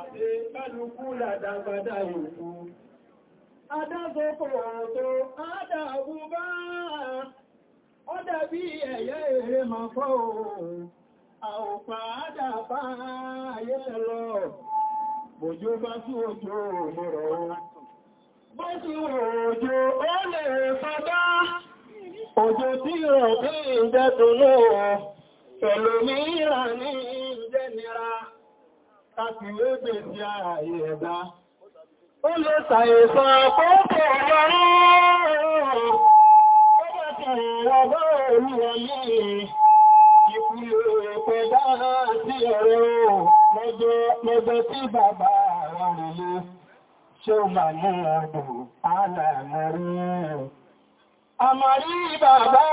àti kálukú làdàgbàdà yòókù adágbòkòrò tó ádàbù bá ó dàbí ẹ̀yẹ́ èrè máa fọ́ òun àòpá ádàbà ayé lọ bòjó bá sí òjò òmìnira ohun bó sí òjò ó lè fọ́dá òjò tí ò bí ìdẹ́dùn náà pẹ̀lú mìíràn ní kàtìlébè sí ààyè ẹ̀dá. Ó lè sàyèsàn àkókò ọlọ́rọ̀ ó bá ti rọ̀ bá olúwa lẹ́yìn ìpínlẹ̀ ẹ̀pẹ̀ dára sí ẹ̀rọ lọ́jọ́ tí bàbá rọ̀ nílé ṣe ó bà ní ọdún alàmọ́rí. Àmàrí bàbá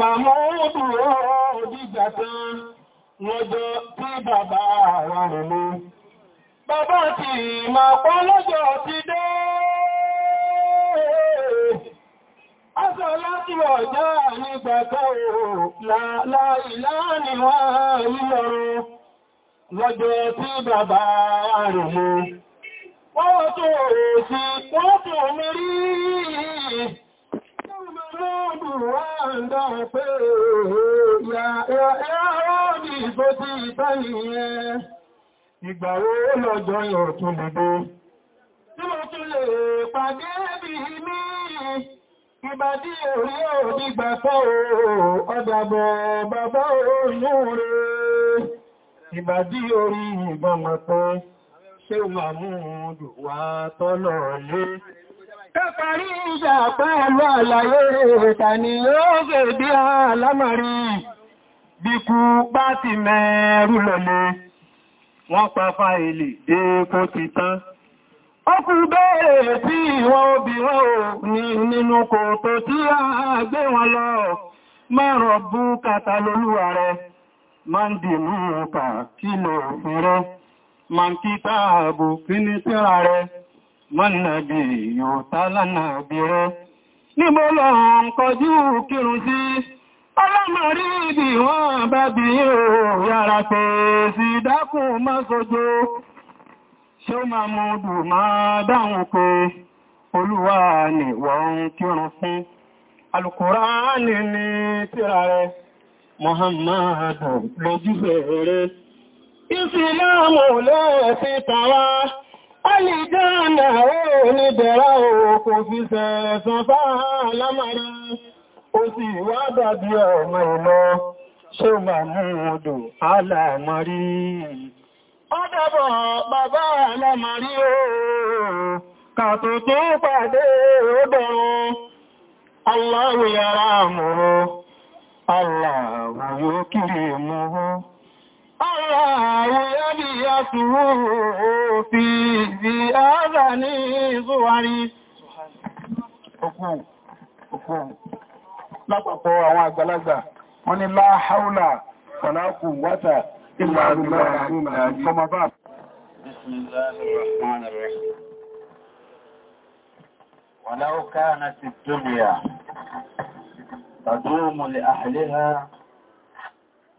máa mọ́ ó dùn ó dìjà lọ́jọ́ tí bàbá ara rẹ̀ ló. Bàbá ti mà pọ́ lọ́jọ́ ti dé. Aṣọ láti ọjọ́ nígbà tó láìlá ni wọ́n yíyọrọ lọ́jọ́ tí bàbá rẹ̀ ló. Wọ́n tó sí wọ́n tó mérí Ọmọ ọdún wá ń ìbò tí ìbáyìí ìgbà wo lọ́jọ́ yọ̀ tún lè tí mo tún lè pàdé bí mi ìbàdí orí òní gbàtọ́ ọ̀dàbọ̀ bàbá òyìn rẹ̀ ìbàdí orí ìgbọmọ̀tọ́ ṣe Mahmud wà tọ́lọ̀ lé Tẹ́parí ìjà pẹ́ẹ̀lú àlàyé ìrìtà ni ó gẹ̀ẹ́dí alámàrí bíkú bá ti mẹ́rù lọ́lẹ̀ wọ́n pa fáìlì èkó ti tán ọkù bẹ́ẹ̀rẹ̀ tí ìwọ̀n obì wọ́n ò ní nínú kò tó tí a gbé wọn lọ márùn bú katalolúwa rẹ ma ń dì mú ọkà kí lọ òfin rẹ ma Ọlọ́mà rí ìdí wọ́n bá bí ooo yára pé sí dákùn má sojo. Ṣé ó máa mú dù máa dáhùn pé Olúwa ni wọ́n kírun fún. Alùkùránì ni tírà rẹ̀, Muhammadu lójúfẹ́ rẹ̀. Ìsìlámù lẹ́ẹ̀sí tàwa, Alìjánà ó ní bẹ̀rẹ̀ òkò fi sẹ̀rẹ̀ ó sì wá dàbí ọmọ ìlọ ṣó máa mú odò aláàmọ́rí ó dábọ̀ bàbá aláàmọ́rí ó kàtò tó pàdé ọdọ̀run aláwò yàrá àmúrò aláwò yóò kiri mú aláwò yàbí àtúwò fi ìdí àádà ní ìzúwárí Okun, okun. lápapọ̀ àwọn àgbàlagbà wọ́n ní láhàúlà hawla wátà quwwata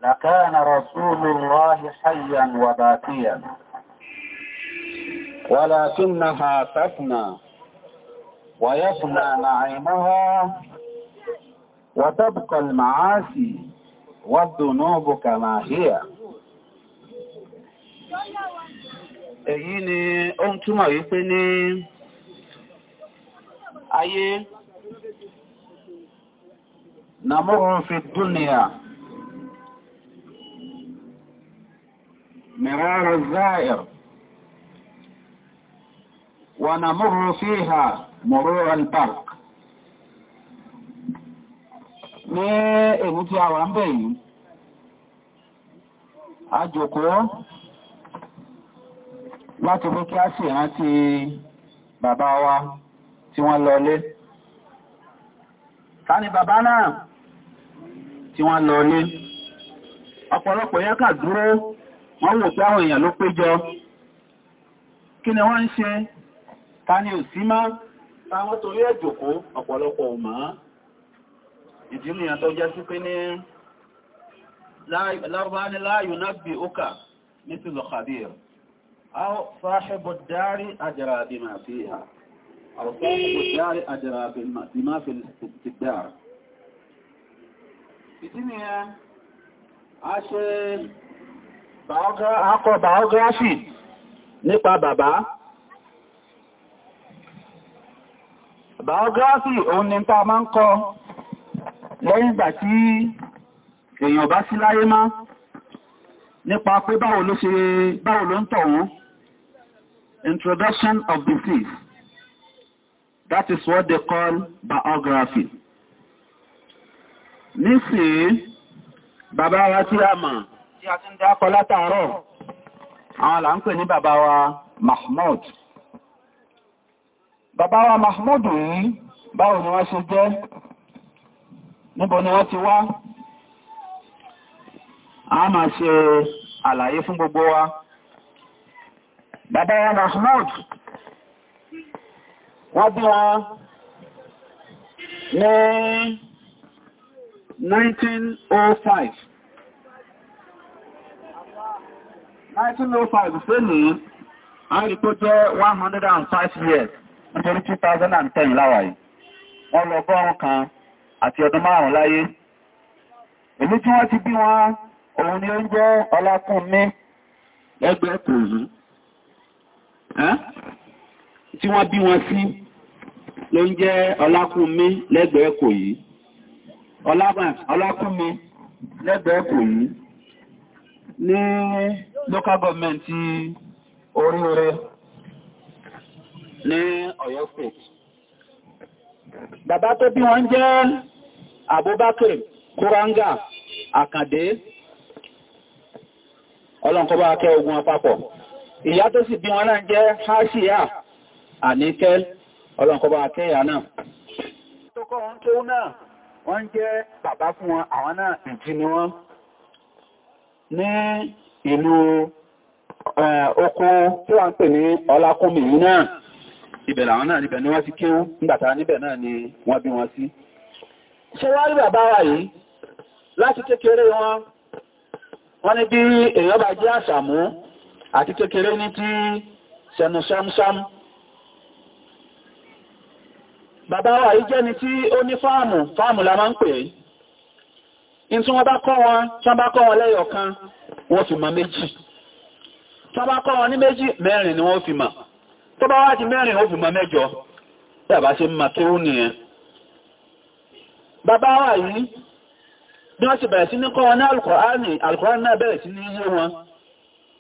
لكان رسول الله حيا وباكيا ولكنها تفنى ويفنى نعيمها وتبقى المعاصي والذنوب كما هي ايني اون ó ń túmọ̀ wípé ní ayé nàmúrùn مرار الزائر ونمر فيها مرور البرق ní èmú tí a wà ń bẹ̀ yìí a láti mú kí a sì rántí bàbá wa tí wọ́n lọlé ta ni bàbá náà tí wọ́n lọlé ọ̀pọ̀lọpọ̀ yẹn kà dúró wọ́n wò pé àwọn èèyàn ló péjọ kí ni wọ́n ń ṣe ta ni ò sí mọ́ ta wọ́n torí ẹ̀ jòkó ọ̀pọ̀lọpọ̀ ò engineer tó jẹ́ sí pé ní lárúbá ní láàyò náà bí ókà ní ti lọ khabir aw sahibu dari ajra bima fiha aw sahibu dari ajra bima fi al-istidar ìdíni ẹ a ṣe akọ biography nípa bàbá biography òun ni ta máa ń kọ lẹ́yìn ìgbà tí èèyàn bá sí láyé má nípa pé báwo ló ṣe báwo ló ń tọ̀wọ́ introduction of disease that is what they call biography nísìí bàbá wa tí a mọ̀ tí a ti ń dákọ látàárọ̀ àwọn là ń pè ní bàbá wa Mahmoud bàbá wa Mahmoud yìí báwo ni wọ́n ṣe jẹ́ níbo ni wọ́n ti wá a máa ṣe àlàyé fún gbogbo wa bàbá ya Mahmoud wọ́n bí wọn ní 1905 1905 sí ní a rí jẹ́ 105 years nítorí 2010 láwàá yìí wọ́n lọ bọ́rún kan àti ọdún márùn-ún láyé èmi tí wọ́n ti bí wọn òun ni ó ń jẹ́ Ọlákúnmi ẹgbẹ́ kò yìí tí wọ́n bí wọn sí ló ń jẹ́ Ọlákúnmi lẹ́gbẹ̀ẹ́ kò yìí Ọlákúnmi lẹ́gbẹ̀ẹ́ kò yìí ní local government Oríire ní Ọ̀yọ́ state bàbá tó bí wọn jẹ́ Abubakar Kuranga akade, ọlọ́nkọba akẹ́ ogun àpapọ̀ ìyá tó sì bí wọn náà jẹ́ Hásíyà Àníkẹ́ ọlọ́nkọba akẹ́ ìyá náà tó kọ́ wọn tó náà wọ́n jẹ́ bàbá fún wọn àwọn náà ìjì ni wọ́n ní ìlú oko tí wọ́n ń pè ní Ọlákúnmí náà ibẹ̀ làwọn náà níbẹ̀ ni wọ́n ti kéwú ṣe wá rí bàbá wa yìí láti kékeré wọn wọ́n ní bí èyàn bá jẹ́ àṣàmú àti kékeré ní tí sẹnu ṣamṣam bàbá wa yìí jẹ́ni tí ó ní fáàmù fáàmù la máa ń pè é tí wọ́n bá kọ́ wọn tí wọ́n bá kọ́ wọn lẹ́yọ̀ kan wọ́n fi mọ̀ méjì tí wọ́n bá kọ́ wọn ní méjì mẹ́rin ni wọ́n fi mọ̀ tó bá wá di mẹ́rin ó fi mọ̀ mẹ́jọ tí àbá ṣe mọ̀ kéwú nìyẹn bàbá wa yìí bí wọ́n sì bẹ̀rẹ̀ sí ní kọ́ wọn ní alkùránì alkùránì náà bẹ̀rẹ̀ sí ní yé wọn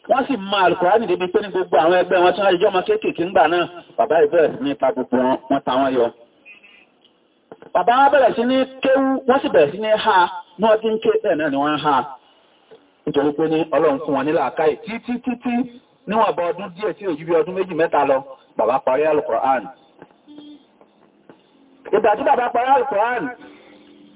wọ́n sì mọ alkùránì débi pé ní gbogbo àwọn ẹgbẹ́ wọn tí wọ́n jẹ́ ọmọ kéékèèké ńgbà náà bàbá yìí bẹ̀rẹ̀ sí ní pa gbogbo wọn ta wọn yọ bàbá wọn bẹ̀rẹ̀ sí ní kéwú wọ́n sì bẹ̀rẹ̀ sí ní ha ní wọ́n ti ń ké bẹ́ẹ̀ náà ni wọ́n ń ha nítorí pé ní ọlọ́run fún wọn ní làákàyè títí títí níwọ̀n bá ọdún díẹ̀ tí òjú bí ọdún méjì mẹ́ta lọ bàbá parí alkùránì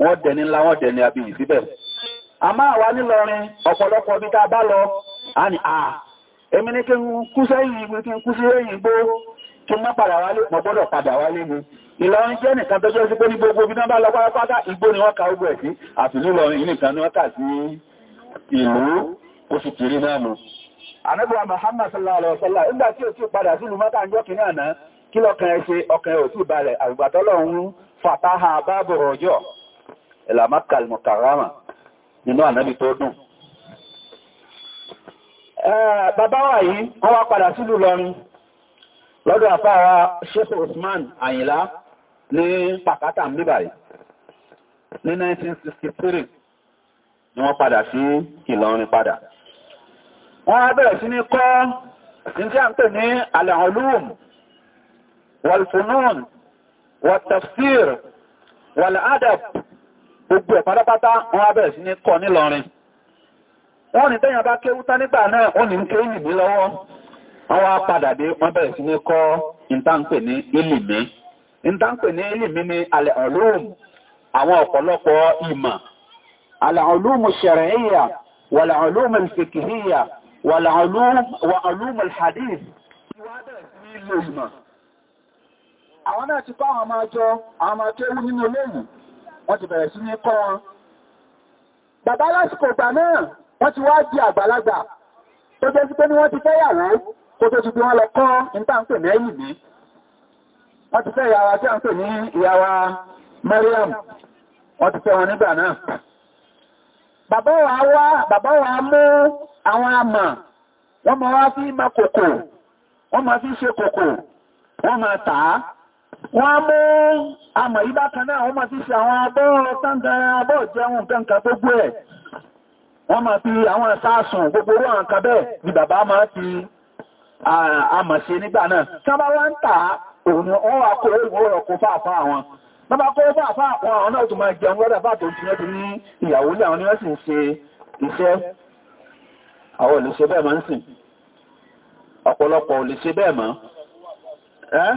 wọ́n dẹni ńlá wọ́n dẹni àbí ìsíbẹ̀. a máa wá nílọrin ọ̀pọ̀lọpọ̀ bí ta bá lọ a ní à èmi ní kí n kú yìí ìgbé kí n kú sí ẹ̀yìn kí n má padà wálé mọ́ gbọ́dọ̀ padà wálé mi ìlọrin jẹ́ nìkan tó jẹ́ sí pé ní gbogbo bí náà bá lọ pátápátá igbó ni wọ́n ka ogun ẹ̀ sí àti nílọrin nìkan ni wọ́n kà ẹ̀là Mákà al-Mukarrama nínú ànábì tó dùn bàbá wa yìí wọ́n wá padà sílùú lọrin lọ́dọ̀ àfáàrà Sheikh Usman Àyìnlá ní pàkátà mbíbàrí ní 1963 ni wọ́n padà sí Ìlọrin padà wọ́n á bẹ̀rẹ̀ sí ní kọ́ tí a ń gbogbo ẹ̀ pátápátá wọ́n á bẹ̀rẹ̀ sí ní kọ́ nílọrin wọ́n ní tẹ́yàn bá kéwú tán nígbà náà wọ́n ní ń ké ìlìmí lọ́wọ́ wọ́n wá padà dé wọ́n bẹ̀rẹ̀ sí ní kọ́ ní ìlìmí ní ìlìmí alẹ́ àwọn ọ̀pọ̀lọpọ̀ ìmọ̀ alẹ́ wọ́n ti bẹ̀rẹ̀ sí ní kọ́ wọn bàbá lásìkò ìgbà náà wọ́n ti wá di àgbàlagbà tó jẹ́ sí pé ní wọ́n ti fẹ́yàwó kó tó ti bí wọ́n lọ kọ́ ìtàǹpè mẹ́yìn ní wọ́n ti fẹ́ ìyàwó tí a ń pè ní ìyàwó Mariam wọ́n ti fẹ́ wọn nígbà náà bàbá wa wá bàbá mú àwọn àmà wọ́n ma wá fi máa kòkò wọ́n ma fi ṣe kòkò wọ́n ma tàá wọ́n mú àmọ̀ yí bákan náà wọ́n máa ti ṣe àwọn abọ́ tándẹ̀rẹ̀ abọ́ jẹun kẹ́ǹkà gbogbo ẹ̀ wọ́n máa fi àwọn ẹ̀sáàsùn gbogbo orú àwọn kabẹ́ ni bàbá máa fi àmọ̀ ṣe nígbà náà tí wọ́n bá wá ń tà òun wọ́n wá kó ìwọ́ ọkọ̀ fáàfá àwọn bàbá kó fáàfá àwọn àwọn náà tó máa jẹun lọ́dà bá tó ti rántí ní ìyàwó lé àwọn ṣe bẹ́ẹ̀ máa ń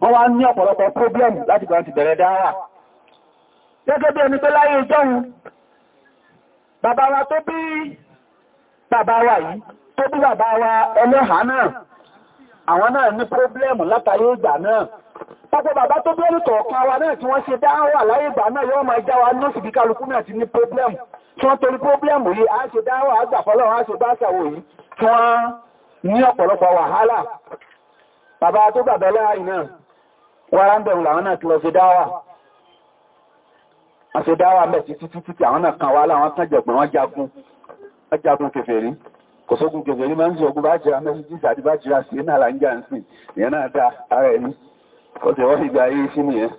wọ́n wá ní ọ̀pọ̀lọpọ̀ problem láti gbà ti bẹ̀rẹ̀ dára gẹ́gẹ́ bí ẹni pé láyé ìjọ́hun bàbá wa tó bí bàbá wa yìí tó bí bàbá wa ẹlẹ́hàá náà àwọn náà ní problem látàrí ìgbà náà pápọ̀ bàbá tó bí olùtọ̀ọ̀kan wa náà tí wa náà sì bí kálukú náà ti ní problem tí wọ́n problem yìí a ṣe dá wà àgbàfọ́lọ́ a ṣe bá ṣàwò yìí tí wọ́n ní ọ̀pọ̀lọpọ̀ wàhálà bàbá tó gbàbẹ̀lẹ́ àìnáà wọ́n rán bẹ̀rún làwọn náà ti lọ ṣe dáwà wọ́n ṣe dáwà mẹ́ sí títí títí àwọn náà kan wá láwọn kan jẹ̀gbọ́n wọ́n jagun wọ́n jagun kèfèrí kò sógun kèfèrí máa ń ṣe ogun bá jẹra mẹ́sí tí ìsàdí bá jẹra sí náà là ń jà ń sìn ìyẹn náà dá ara ẹni kò tẹ̀ ìgbà ayé sí nìyẹn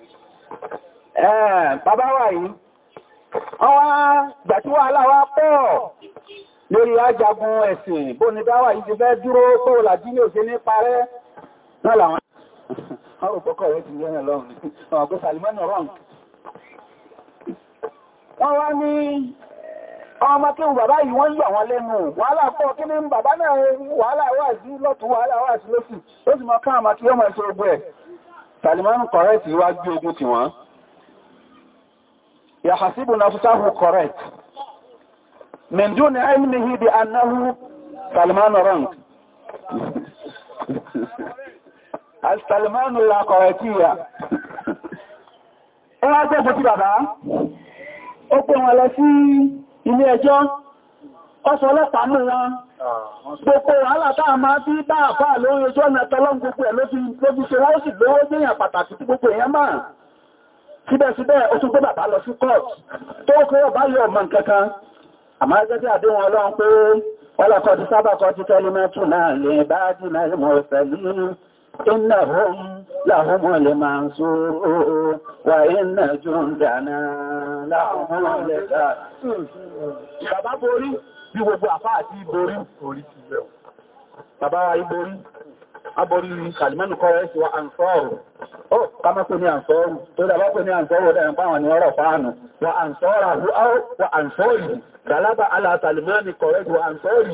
bàbá wà yìí wọ́n wá gbà tí pọ̀ lórí ajagun ẹ̀sìn àwọn òpókọ̀ rẹ̀ ti yẹ́nà lọ́rùn ọ̀gbẹ́ Salimani wrong wọ́n wá ní eh, bàbá yìí wọ́n lẹ́nu wàhálà pọ̀ kí ní bàbá náà wàhálà wà sí lọ́tún wàhálà wà sí lọ́sì ó sì mọ́ kí ọmọ ìṣẹ́ ogun ẹ̀ Salimani correct wá gbé ogun ti wọ́n yàhásíbù na fúsáhù correct mẹ́ndú ni àìmìnihì annahu Salimani àṣìtàlẹ̀mọ́nù lákọ̀ọ̀rẹ̀ tí ìyà ó wá gbogbo tí bàbá ó pè wọn lọ sí ilé ẹjọ́ ó sọ ọlọ́pàá nù wọn gbogbo wàhálà táà máa bí bá àfáà lórí ojú ọ̀nà tọ́lọ́n gbogbo ẹ̀ ló fi ṣe wọ́n sì lówó gbéyàn pàtàkì tí gbogbo èèyàn máa síbẹ̀síbẹ̀ ó tún gbé bàbá lọ sí court tó kọ́ ọ̀bá yọ ọmọ nǹkankan àmá gẹ́gẹ́ tí àdéhùn ọlọ́run pé wọ́lọ́kọ̀ ti sábàkọ̀ ti tẹ́lú mẹ́tún náà lè bá jìnà ìmọ̀ ìfẹ̀lú إنهم لهم المنصور وإن جندنا لهم الغالبون Bàbá borí bí gbogbo àfá àti ìborí orí ti bẹ̀ Bàbá ìborí, aborí Kàlìmẹ́nù kọ́rẹ́ sí wa àǹsọ́ọ̀rù. Ó, ká mọ́ pé ní àǹsọ́ọ̀rù, tó dà bá pé ní àǹsọ́ọ̀rù ọ̀dá ẹ̀mọ́ àwọn ni ọ̀rọ̀ fáànù. Wa àǹsọ́ọ̀rù, wa àǹsọ́ọ̀rù, gàlábà alá Kàlìmẹ́nù kọ́rẹ́ sí wa àǹsọ́ọ̀rù.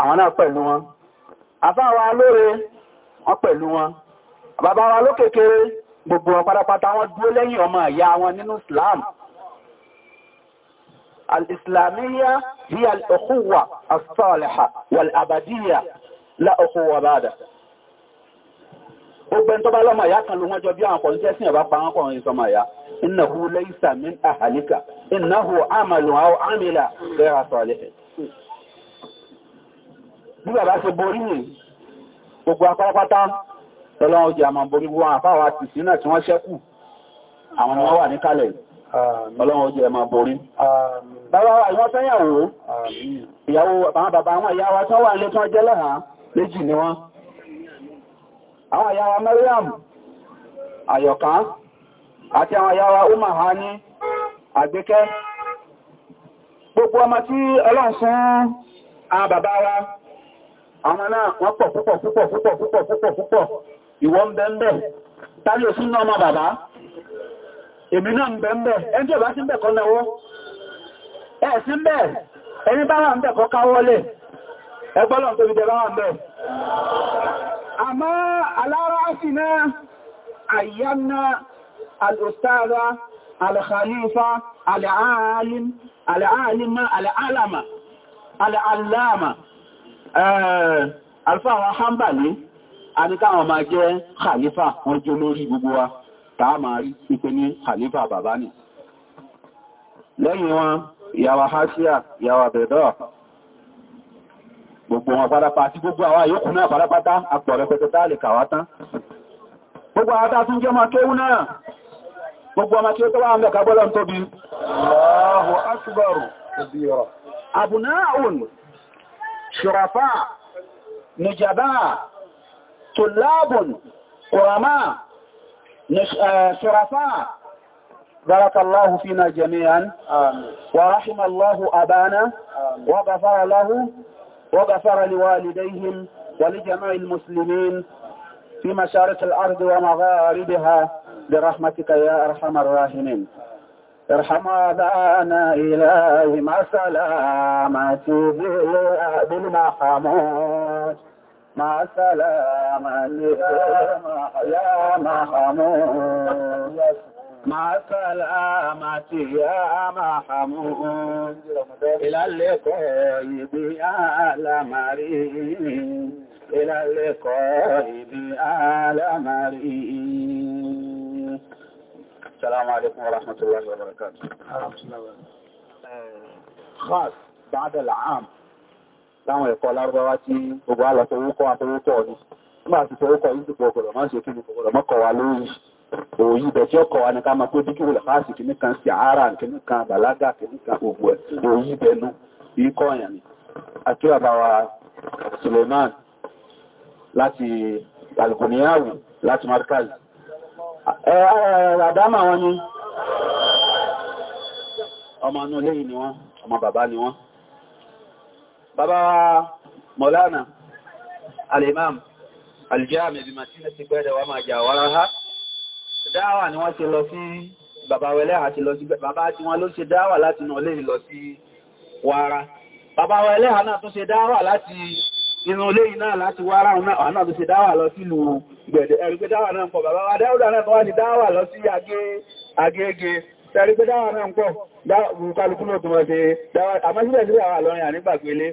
àwọn náà pẹ̀lú wọn àfáwa lóore wọn pẹ̀lú wọn bàbá wa ló kékeré gbogbo wọn pátápátá wọn dúró lẹ́yìn ọmọ ìyá wọn nínú Islam al-islamiyya hiya al-ukhuwa as-saliha wal-abadiyya la ukhuwa ba'da gbogbo ẹni tó bá lọ́mọ ìyá kan ló wọ́n jọ bí àwọn ọkùnrin tẹ́sìn ẹ̀bá pa wọn kọrin sọmọ ìyá innahu laysa min ahlika innahu amalun aw amila ghayra salih bí bàbá ṣe borí nìyí gbogbo apárápátá ọlọ́run ọjà àmà borí wọn àfáwà ti sí náà tí wọ́n ṣẹ́kù àwọn wọ́n wà níkàlẹ̀ ọlọ́run wa ìwọ́n tẹ́yàwó ìyàwó àwọn bàbá àwọn ìyá wa tó wà nílé tó jẹ́ lẹ́hà méjì ni wọ́n àwọn ìyá Umahani Àgbékẹ́ gbogbo ọmọ tí ọlọ́run fún bàbá wa àwọn náà púpọ̀ púpọ̀ púpọ̀ púpọ̀ púpọ̀ púpọ̀ alára sí náà àyánná alùsára alkhalifa al'alim al'alima al'alama al'alama alfáwà eh, hamba ní àníkáwọn máa jẹ́ khalifa wọ́n jẹ́ olórí gbogbo wa tàà máa rí pípẹ́ ní khalifa bàbá ní lẹ́yìn wọn ìyàwó hasia ìyàwó bẹ̀dọ́ gbogbo wọn padàpá àti gbogbo àwa yòókù náà padàpátá àpọ̀ rẹpẹtẹ tá lè kàwá tán gbogbo àwọn tá tún jẹ́ ọmọ kéwú náà gbogbo ọmọ tí ó tọ́wà mẹ́ka gbọ́lọ́ tóbi Allahu akbar kabira abùnáà شرفاء نجباء طلاب قرماء آه، شرفاء بارك الله فينا جميعا آمين. ورحم الله أبانا آمين. وغفر له وغفر لوالديهم ولجميع المسلمين في مشارق الأرض ومغاربها برحمتك يا أرحم الراحمين ارحم أبانا إلهي مع سلامة بالمحمود المحمود مع سلامة يا محمود مع سلامة يا محمود إلى اللقاء بأعلى مريم إلى اللقاء بأعلى مريم السلام عليكم ورحمة الله وبركاته خاص بعد العام كما يقول lárúbáwá tí gbogbo alọ́sọ̀wókọ́ àtọwókọ́ ní nígbà tí sọwókọ́ yìí dùgbò ọgbọ̀rọ̀ máa ṣe kí ní ọgbọ̀rọ̀ mọ́kọ̀ wa lórí òyí ibẹ̀ tí ọkọ̀ wa ní ká máa pé díkì wùlẹ̀ fásì kìíní kan sí ara kìíní kan bàlágà kìíní kan gbogbo ẹ̀ òyí ibẹ̀ ikọ̀ ọ̀yàn ni àti àbáwa Suleiman láti alukuniyawu láti markazi Àdámà wọn ni, ọmọ inú ilé ni wọ́n, ọmọ bàbá ni wọ́n. Bàbá Mọ̀lánà, Al-Imam, Al-Jami bí Màtíná ti gbẹ́dẹ̀ wà máa jà wára ha. Dáwà ni wọ́n ti lọ sí bàbá wẹlẹ́ àti lọ sí bàbá tí wọ́n ló ṣe dáwà láti nà lè lọ sí wára. Bàbá wẹlẹ́ inú ilé iná láti wá ara àwọn náà ṣe dáwà lọ sílù gbẹ̀dẹ̀ ẹ̀rùgbé dáwà náà pọ̀ bàbá wa dáwà náà wá ti dáwà lọ sí agége ẹ̀rùgbé dáwà náà pọ̀ kálukú náà wọ́n ṣe dáwà àmọ́sílẹ̀ sí àwọn àlọ́rin ànígbàgbélé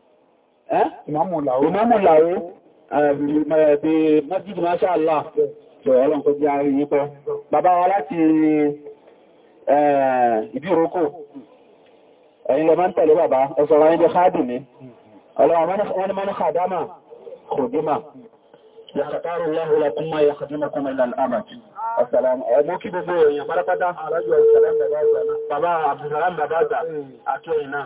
ìmáàmù làwó bí masjid masha Allah tó ọlọ́n kó jẹ́ àrí yípo bàbá wa láti ìbíròkò ẹ̀yìn lọ máa ń tẹ̀lé bàbá ọ̀sọ̀ wọn ẹjọ́ káàdì ní ọlọ́wọ́n mọ́nà kàdámà kòdímà yàkàtàrù láhùlá kúmọ̀ yàkàdínà kúmọ̀ ilẹ̀ al'amàtí Assalamu ọmọ kí gbogbo èèyàn pátápátá àrájọ ìsàlẹ̀ bàbá àgbà àti ẹ̀yìn náà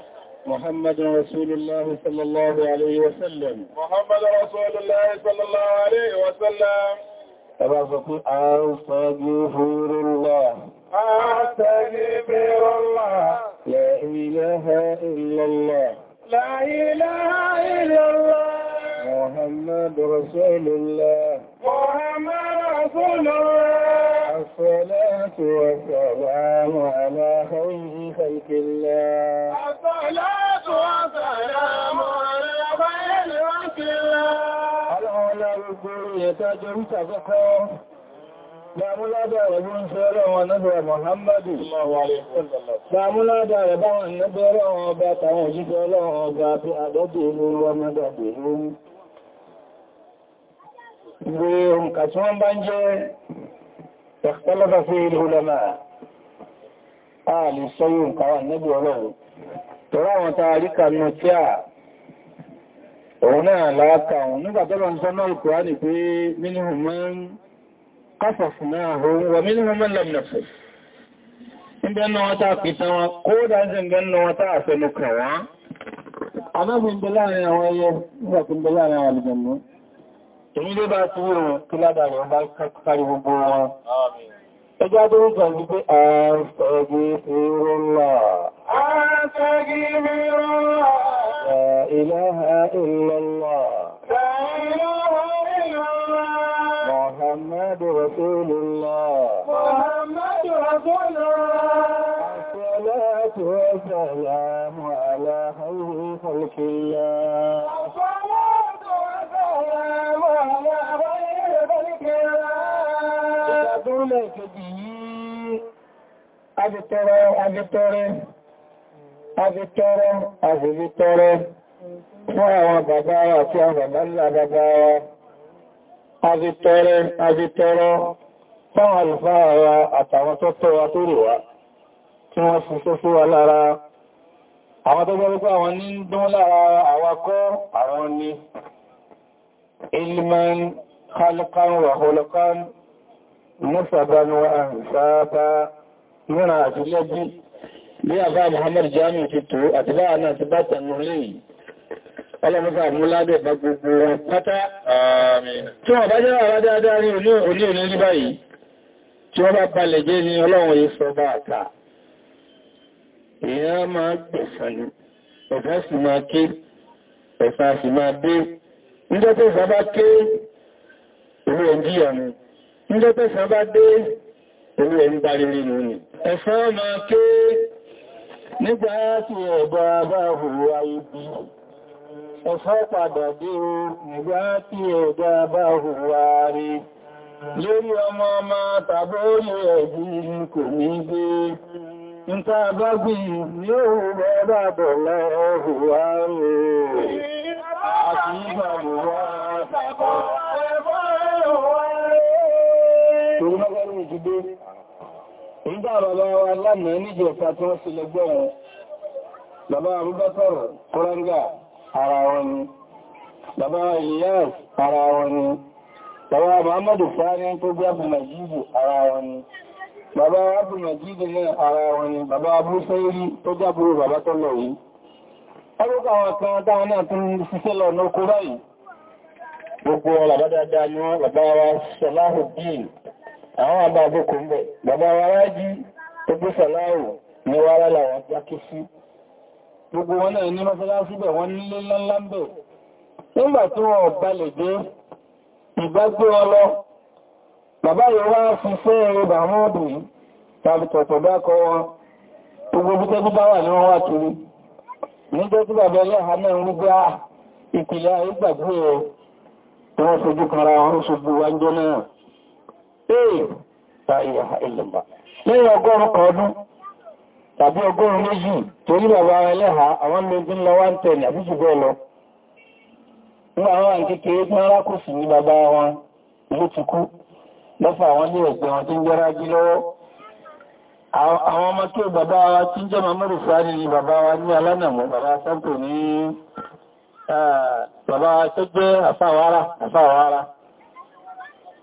محمد رسول الله صلى الله عليه وسلم محمد رسول الله صلى الله عليه وسلم تبارك أستغفر الله أستغفر الله لا إله إلا الله لا إله إلا الله محمد رسول الله محمد رسول الله الصلاة والسلام على خير خلق الله الصلاة والسلام على خير خلق الله العالم كل تجم تفقه Dámúládà rẹ̀ bó ń sọ́rọ̀ wọn náà Mọ̀hánmàdì. Dámúládà rẹ̀ bá wọn nẹ́bẹ̀ ọlọ́run ọba tàwọn òjíṣẹ́ ọlọ́run ọba àti àdọ́dẹ̀ اختلف فيه العلماء آل السيوم قوان نبي الله ترى وتاريك النتياء هنا لا كون نقدر أن القرآن في منهم من قصصناه ومنهم من لم نقصص إن بأنه وتا قتوا قود أنزل بأنه وتا أسنكوا أنا من بلاني أولي وكن بلاني أولي جنون èyí ló bá ti rí ohun kí ládàrí ọba kárí gbogbo wọn ẹjá tó rúkọ wípé ààrẹ́sẹ̀gì fìrúnlá ààrẹ́sẹ̀gì fìrúnlá ìlàhà ìlàlá Muhammadu Rasulullah Muhammadu Rasulullah As-salatu wa salamu ala khayri khalqillah Adìtọrọ, adìtọrọ, adìtọrọ, àfìfitọrọ fún àwọn bàbá wa àti àwọn bàbá ńlá bàbá wa. Adìtọrọ, adìtọrọ fún àlùfáà wa àtàwọn tó tọ́ wa tó rè wá tí wọ́n fi tó fún wa lára. Àwọn tó gbọ́rú pé àwọn ní dún lára àwakọ́ mọ́ra àti lẹ́gbí bí àbá Muhammad Jamiu ti tó àti bá náà ti bá tẹ̀nù léyìí ọlọ́mọ́fà múládẹ̀ bá gbogbo wọn pátá tí wọ́n bá jẹ́ àwọn dáadáa ní òní òní òní ní báyìí tí wọ́n bá balẹ̀ jẹ́ ní ọlọ́run yìí sọ bá àkà èèyàn máa gbẹ̀sànú ẹ̀fẹ́ dé nígbẹ́tẹ̀sà bá bá dé ìwé ẹ̀ ń ẹ̀fẹ́ ma ké nígbà tí ẹ̀bà bá hùwà ibi ẹ̀fẹ́ padà dé o nígbà tí ẹ̀bà bá hùwà rí lórí ọmọ ọmọ tàbí orí ẹ̀bí kò ní gbé níta bá gbì ní òun bá bọ̀ lọ́hùwà rí àti ìgbàlùwà Ndị bàbá wa lánàá níjẹ̀ ọ̀ta wọ́n sì lẹ́gbẹ́ rẹ̀. Bàbá ara wọn ni. Bàbá Ilyas ara wọn ni. Bàbá Muhammadu Fani tó gbé Abùmàjídì ara wọn ni. Bàbá Abùmàjídì náà ara wọn ni. Bàbá Abúsẹ́rí tó jábúrò bàbá tó yìí. Ọlọ́kà àwọn kan dáa lọ àwọn àbá àbúkò ń bàbá wárá jí tó gbé sàláàrù ní wárá làwọn jákí sí gbogbo wọn náà ní mọ́sálásí bẹ̀ wọ́n nílé ń bẹ̀ tí wọ́n balẹ̀ dé ìgbàgbé wọn lọ bàbá yóò wọn bá wà ní bàbá lẹ́yìn ọgọ́rùn kan ọdún tàbí ọgọ́rùn méjì torí bàbá ẹlẹ́ha àwọn méjì lọ wá ń tẹ̀ ní àbújù bẹ́ẹ̀ lọ ní àwọn àkékeré tí wọ́n ní bàbá wọn ló ti kú lọ́fà àwọn ní wọn tí ń lọ́wọ́ àwọn ọmọ bàbá wa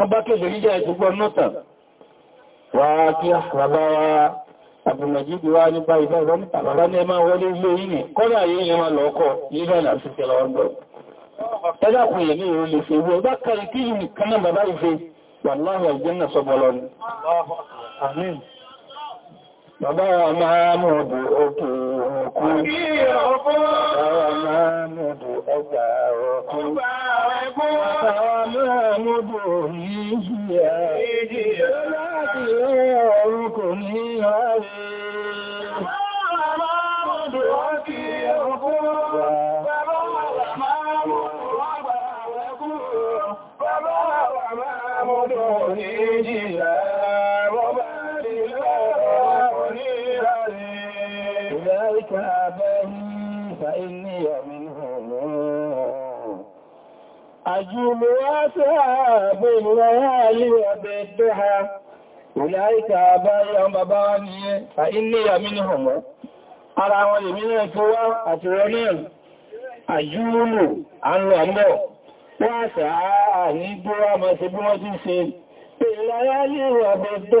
wọ́n bá kéfè jíjà ìgbogbo nọ́tà wà kí bàbá wa àbùmọ̀jídì wá ní báyìí bàbá ní bàbá ní ẹmà wọlé ilé yìí kọ́lá yìí ni wọ́n lọ́kọ̀ yíra ìlà sí tẹ́lọ ọgbọ̀ tẹ́lákùn yẹ̀ ní ìrò lè fi ewé bá kàrí kí yìí kan náà bàbá ìfẹ́ wàláhì àjẹ́nà sọ́bọ̀lọ ni bàbá máa mọ̀dù òkè òkú bàbá máa mọ̀dù ọgbà ọkùn على بريه مجموعاتها بالليالي وبالضحى أولئك آبائي هم باباني فإني منهم ara wọn lè mínú ẹ̀fọ́ wá àti wọn náà àjúrúlù àrùn àmọ́ wọ́n àṣà àní búra máa ṣe bí wọ́n ti ṣe pé ìlàyá ní ọ̀bẹ̀ tó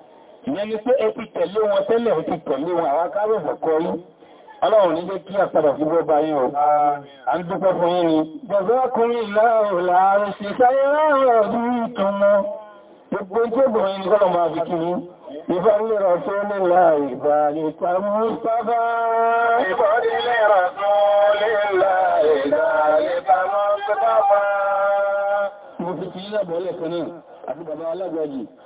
ìyẹn ni pé ẹti tẹ̀lé wọn tẹ́lẹ̀ ẹti tẹ̀lé wọn àwọn akárẹ̀bọ̀ kọ yí ọlọ́run ní jẹ́ kí àpadà fún bọ́bá yín o a ń dúpẹ́ fún yín ni gbogbo ọkùnrin láàrùn láàrùn sí sáyé láàrùn ọdún ìtọ́mọ́ gbogbo tí obìnrin ní kọ́lọ̀ máa fi kí ní ìfọ́nlẹ̀rọ̀ tó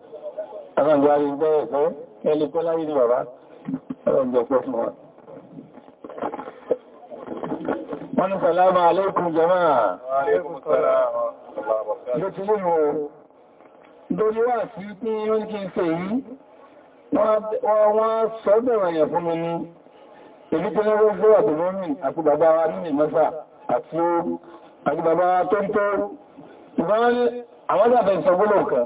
Àgbàgbàrí gbọ́rọ̀ pé kẹ́lẹ̀ pẹ́ láyé ní bàbá, ọ̀rọ̀ ìjọpọ̀ fún wa. Wọ́n ní sàlámà aléìkùn jama'a. Aléìkùn sàlámà. Ló ti lè mọ̀ lórí wà sí pín yóò kí n fè yí, wọ́n sọ́bẹ̀rẹ̀ yẹ̀ fún mi ní, èmi tí lọ́wọ́ gbọ́ àtìmọ́mì àti bàbá wa ní ìmọ́sà àti bàbá tó ń tó. Ìbáwọn àwọn àbẹ̀ ìṣọ́gbọ́lọ̀ kan.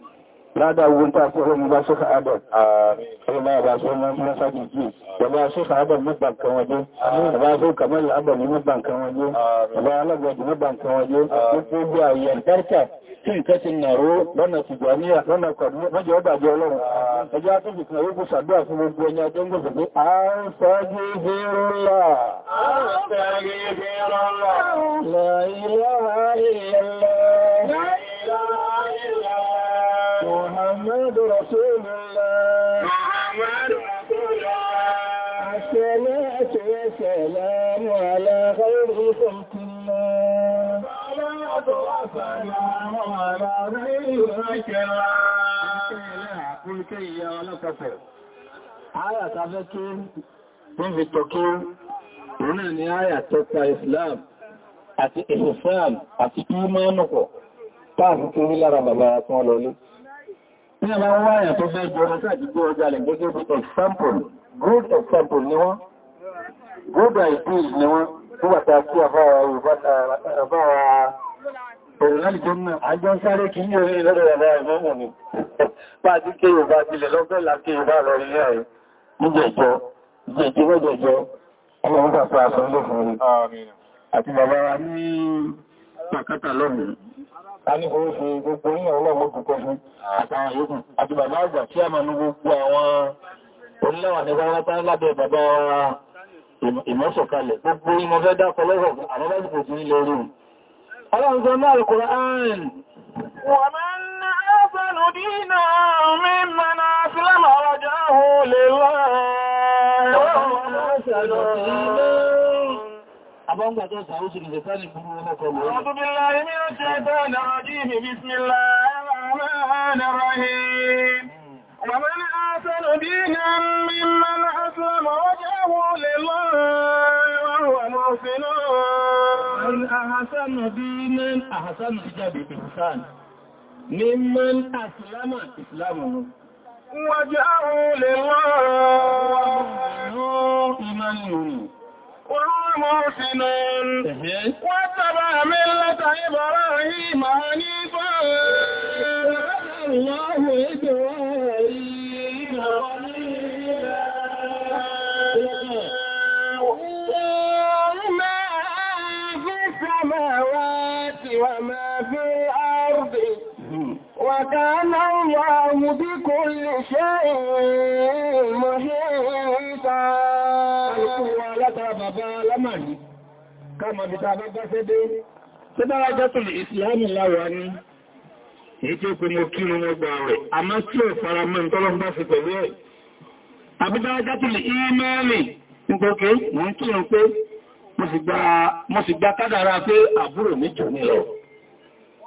ládá ogun tàà sí ọmọ bá ṣíkà adam ọmọ bá ṣe ọmọ mọ́sájì jù bàbá ṣíkà adam mọ́bà nǹkan wọlé bàbá ṣe kàmọ́lì adam mọ́bà nǹkan wọlé bàbá alágbàjì mọ́bà nǹkan wọlé gbogbo àyẹ̀ dárkà tí nǹkan ti nàró lọ́nà tìjàníyà lọ́nà kọ̀dú mọ́jọ ọbàjẹ́ ọlọ́run ẹjọ́ àtúnjì kan yóò ṣàdúrà fún gbogbo ẹni ajọ́ ń gbọ́sọ̀ pé a ń sọ́jú ìrọ́lá láìláwà ìlẹ́lẹ́ محمد رسول الله محمد رسول الله الصلاة والسلام على خير خلق الله الصلاة والسلام على خير خلق الله قل كي يا ولا كفر آية تفكي من في التوكيل هنا نهاية تطلع إسلام àti ìṣẹ̀sẹ́ àti ìmọ̀ ẹnukọ̀ táàkùn kí ní lára bàbá àtún ọlọ́lé. Ní àbá wá àyà tó fẹ́ gbọ́rọ̀ sí àdúgbò ọjà lè gẹ́gẹ́ bí example, good example ni wọ́n, good ideas ni wọ́n, tó wà ta sí àbára àbára òrìnlẹ́lìjọ́ náà, àjọ sáré kí ní orí lọ́dọ̀ àbá ìmọ́mù ni. Bá ti ké Yorùbá tilẹ̀ lọ́gbẹ́lá ké Yorùbá lọ rí rẹ̀ níjẹjọ, ìjẹjọ mẹ́jẹjọ, ọlọ́run bàbá àṣọ lọ́fún rí. Àti bàbá wa ní Pàkátà lọ́mùú ní owó ṣe gbogbo yíyàn ọlọ́mọ dùkọ́ fún àtàwọn yóò àti bàbá àgbà tí a máa ní gbogbo àwọn onílẹ̀wà ní rárátá lábẹ́ bàbá ìmọ́sọ̀kalẹ̀ gbogbo yí mo fẹ́ dákọ lọ́rọ̀ àwọn bá dìbò sí ilẹ̀ orí Ọlọ́run sọ náà lùkùrọ̀ wọ́n abọ́ngbàtọ́ sàúsù ní ṣẹ̀tánì burú ọkọ̀ mọ́. Ọdún bí láàrin ní ó ṣe ẹgbẹ́ ọ̀nà ọdí ìhì bismillah الرحمن الرحيم ومن أحسن دينا ممن أسلم وجهه لله وهو محسن من أحسن دينا أحسن إجابة الإنسان ممن أسلم إسلامه وجهه لله وهو محسن إيمانه محسنون واتبع ملة إبراهيم حنيفا الله إبراهيم وكان الله بكل شيء محيطا Ìwọ̀n alátara bàbá alámàrí, ká máa bí ta bá bá fẹ́ dé, tó bá rájá tó lè ìsìlámù láwà ní, èyí tí ó pè mọ kírun mọ́ gbà rẹ̀, a máa tí ó fara mọ́ ìtọ́lọ́ bá fi pẹ̀lú ẹ̀. Àbídá rájá ìmẹ́ẹ̀lì, nígbókè, mọ́ kírun pé, mo sì gba kádàrá pé àbúrò méjì ní lọ.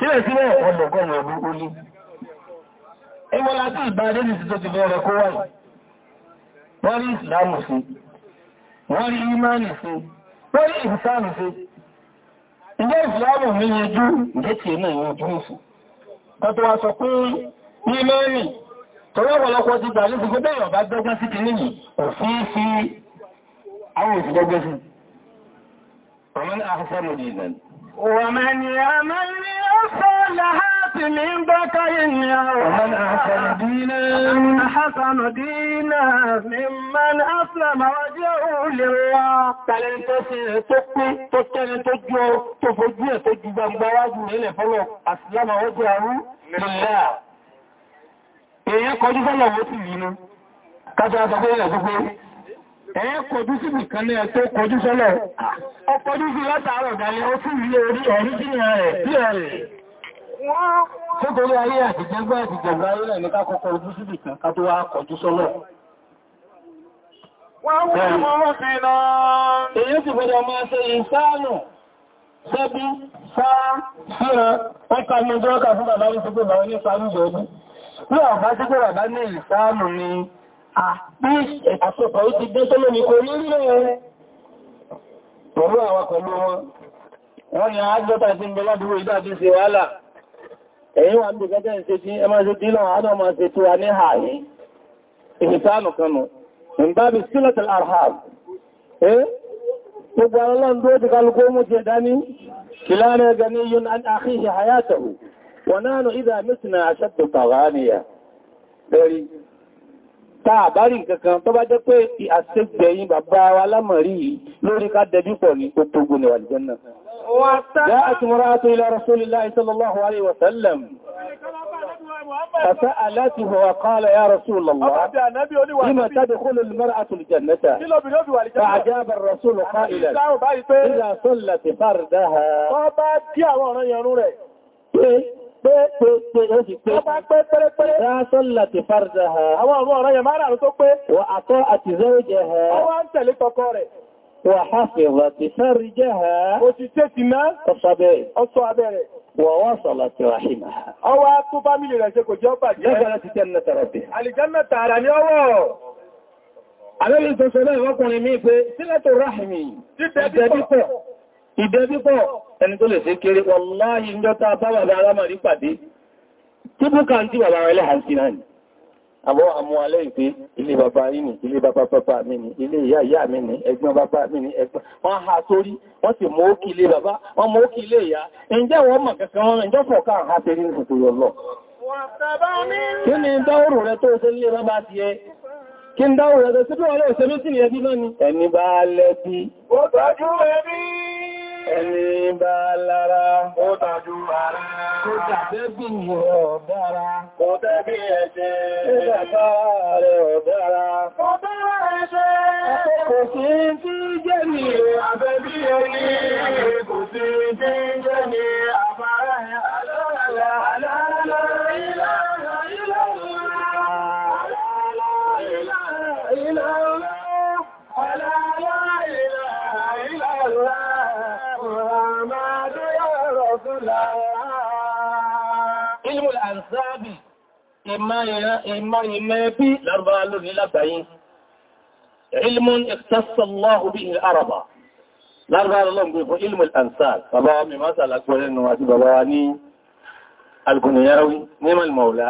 síbẹ̀síbẹ̀ ọlọ̀gọ́rùn ọdún ó lé ẹgbọ́n láti ìbáadé ní títọ́ ti bẹ̀rẹ̀ kó wáyìí wọ́n rí ìsìlámù sí wọ́n rí ìmánì sí wọ́n rí ìsìlámù sí ilé ìsìlámù mi yẹjú ìdẹ́tì من بكر ومن أحسن دينا من أحسن دينا ممن أسلم وجهه لله tàlẹ́ni tó ṣe rẹ̀ tó pé tó tẹ́ni tó jọ tó fojú ẹ̀ tó ju gbangba wájú ilẹ̀ fọ́lọ̀ àsìlámà ọjọ́ arú nílẹ̀ èyí kọjú fọ́lọ̀ wó sì rí inú kájá àtàkó ilẹ̀ gbogbo èyí kọjú sí nìkan ní ẹ tó kọjú fọ́lọ̀ ọkọjú sí látàárọ̀ dalẹ̀ ó sì rí orí ọ̀rí Nítorí ayé àtìjẹgbà àtìjẹgbà ayé rẹ̀ ní kákọ́kọ́ ojú sí ìkan ká tó wá kọjú sọ́lọ̀. Èyí ti gbọdọ̀ máa ṣe ìsáàlù, ṣẹ́bí, sáà, síran, wọ́n ká ní ọjọ́ ọkà fún bàbá ní ṣe pé bàbá ní sáàlù jẹ́bí. Ní ọ̀bá tí pé bàbá ní ìsáàlù ni, àpí àsopọ̀ ó ti dé sọ́lọ́ ní kò ní rẹ̀ pẹ̀lú àwọn pẹ̀lú wọn. Wọ́n ni àájọ́ta ti ń bẹ ládúgbò ìdájí ṣe wàhálà ẹ̀yìn wà ní gẹ́gẹ́ ìṣe tí ẹ máa ṣe dílọ̀ àádọ́ máa ṣe tí wà ní ààyí ìfìtánù kanù ìbábi sílẹ̀tẹ̀lẹ̀ arhab eh gbogbo ọlọ́run tó ti kálukú mú ti dání kìláàrẹ gani yun an àkíṣẹ́ hayatahu wọn náà nù ní gbogbo ní جاءت مرأة إلى رسول الله صلى الله عليه وسلم فسألته وقال يا رسول الله لما تدخل المرأة الجنة فأجاب الرسول قائلا إذا صلت فردها إذا صلت فردها وأطاعت زوجها وحفظت فرجها وتستنا الصعبين ووصلت رحمها أو أطبع من الأشياء جوبا دخلت جنة ربي على جنة عراني أوه Àlẹ́lẹ́ ìtọ́sọ náà ọkùnrin mi pé sílẹ̀tò ráhìmì, ìdẹ́bípọ̀, ìdẹ́bípọ̀, ẹni tó lè ṣe kéré, wọ́n láyé ń jọta bá wà lára màrí pàdé, tí búkà ń tí bàbá rẹ̀ lẹ́hàn sí náà ni àmọ́ àmú alẹ́ ìpé ilé bàbá yìí ilé bàbá bàbá mi ilé ìyá ìyá mi ni bàbá mi ni wọ́n ha sórí wọ́n sì mọ́ òkè ilé bàbá wọ́n mọ́ òkè ilé ìyá ǹjẹ́ wọ́n mọ̀ kẹ̀kẹ́ wọn ǹjọ́ fọ̀ká ha tẹ́rí ní Ẹni bá lára ó tàjú ara. Kó tàbí ọ̀dára. Kó tàbí ẹ̀ṣẹ̀. Kó tàbá rẹ̀ ọ̀dára. Kó tàbá ẹ̀ṣẹ̀. Kò sí jẹ́ ni àbẹ́bí ẹni. Kò sí jẹ́ ni àbẹ́bí àǹsáàbì ìmọ̀ ìmọ̀ ẹbí lárúbá lónìí lágbàáyé ilmun iktasallahu bihi al-araba lárúbá lọ́gbẹ̀ fún ilmul ansar bàbá wa mìí mọ́sà lágbọ́rẹ́ nù àti bàbá wa ní alkùnìyàwó ní malmaula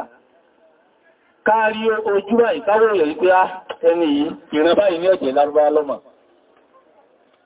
káàrí ojú báyìí káwọ́ yẹ̀ pé á ah, ẹni yìí ìrìnbáyìí ní ọ̀jẹ̀ lárúbá lọ́mọ̀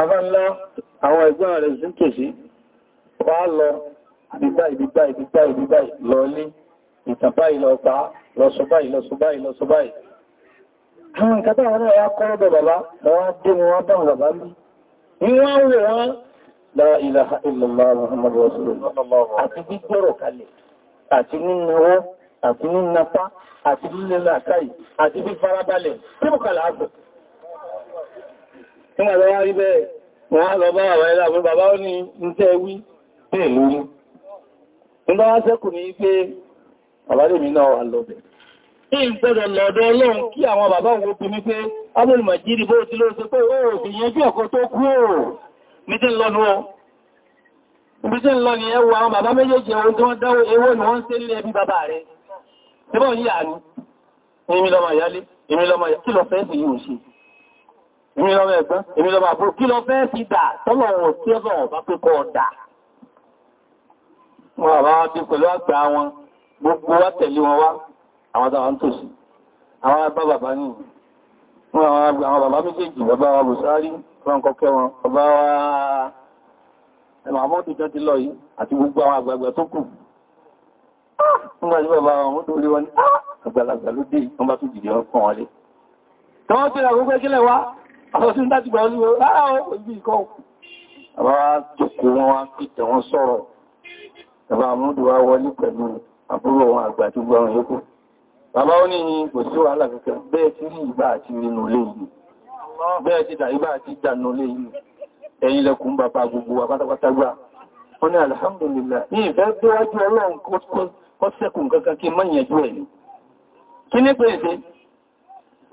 abánlá àwọn ẹ̀gbọ́n rẹ̀ sí tòsí wà lọ ìdígbà ìdígbà ìdígbà ìdígbà lọlé ìtàbá ìlọ́pá lọ́sọ̀bá ìlọ́sọ̀bá ìlọ́sọ̀bá àwọn ìkàtà wọn náà yá kọ́rọ̀ bẹ̀ bàbá wọ́n dé mú wọ́n bá bàbá bí ní wọ́n wò wọ́n la ilaha illallah muhammadu rasulullah àti gbígbọ́rọ̀ kalẹ̀ àti nínáwó àti nínapá àti lílẹ̀ làkáì àti fífarabalẹ̀ tí mọ̀kànlá àgbẹ̀ Nígbàtí wá rí bẹ́ẹ̀, wọ́n á lọ bá àwọn ẹlà fún bàbá ó ní iṣẹ́ wí pẹ̀ lórí. Nígbà wá sẹ́kù ní pé bàbá lè mi náà wà lọ́bẹ̀. Ní ìgbẹ́dọ̀ lọ́dọ̀ Ọlọ́run kí àwọn bàbá òun ó pinnu pé Abúlùmọ̀ jírí bó ni ẹwà ni wọ́n ń ṣe èmi lọmọ ìyálé, èmi lọmọ ìyá, kí lọ fẹ́ sí yìí ṣe èmi lọ́wọ́ ẹ̀gbọ́n èmi lọ́wọ́ àbúrò kí lọ fẹ́ fi dà tọ́lọ̀wọ̀ tí ó lọ́wọ́ bá pé kọ́ dà wọ́n bàbá wá bí pẹ̀lú àgbà wọn gbogbo wá tẹ̀lé wọn wá àwọn tàwọn ń tòsí àwọn bá bàbá ní àwọn bàbá méjèèjì bàbá wa bùsárí wọn tí bàbá kílẹ̀ wá àwọn sínú láti gbà olúwẹ̀ láàá ibi ìkọ́ àwọn àtòkò wọn wá pìtẹ̀ wọn sọ̀rọ̀ bàbá àmúdù wá wọlé pẹ̀lú àbúrò wọn àgbà tó gbọ́rùn yókù bàbá ó ní kò sí wàhálà kankan bẹ́ẹ̀ ti rí ìgbà àti rínú lé yìí bẹ́ẹ̀ ti dà ìgbà àti dànù lé yìí ẹ̀yin lẹkùn bàbá gbogbo wa pátápátá gbà ó ní alhamdulillah ní ìfẹ́ gbéwájú ọlọ́run kó sẹ́kùn kankan kí mọ́ ìyẹn ẹ̀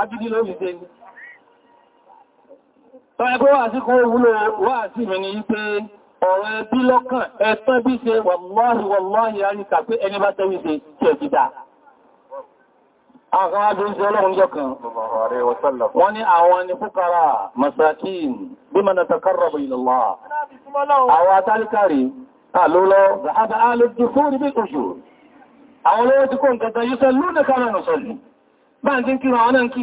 agidi ló fi ṣe ní tọ́ ẹgbẹ́ wà sí kún òwúlò wà sí mi ní pé ọ̀rọ̀ ẹbí lọ́kàn ẹ̀tọ́ bí ṣe wàláhì wàláhì àríkà pé ẹni bá tẹ́wì ṣe kí ẹ̀dìdà àwọn adùn sí ọlọ́run jọ kan wọ́n ní àwọn ni fúkàrà masakin bí mọ́nà takarrabu ilọ̀lá àwọn atálíkàrí àlúlọ àwọn olówó ti kó nǹkan tayúsẹ lónìí kánà nùsọ̀lù báyìí ń kírun àwọn náà kí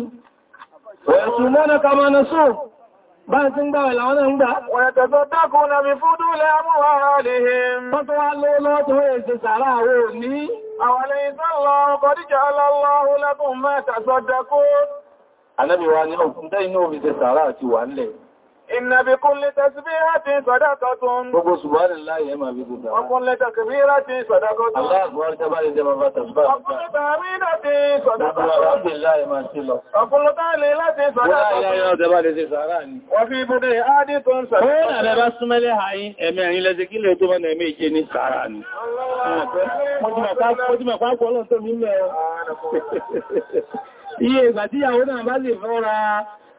ẹ̀sùn mọ́nà kama na sọ báyìí ń láwọn náà ń gbà wẹ̀tẹ̀tọ̀ dákùn na bí fúdú lẹ́mùwà àríhìn mọ́tọ̀ Inna bi kulli tasbihatin sadaqatun. Gbogbo subhanallah yẹn máa bí gbogbo. Wa kulli takbiratin sadaqatun. Allahu akbar tẹ́bá lè jẹ bàbá tàbí. Wa kulli tahmidatin sadaqatun. Gbogbo alhamdulillah yẹn máa sí lọ. Wa kulli tahlilatin sadaqatun. Wọ́n yáyọ́ tẹ́bá lè ṣe sàárà ni. Wa fi ibùdó ìhádìí tó ń sàárà. Wọ́n rẹ̀ Iye ìgbà tí ìyàwó náà bá lè fọ́ra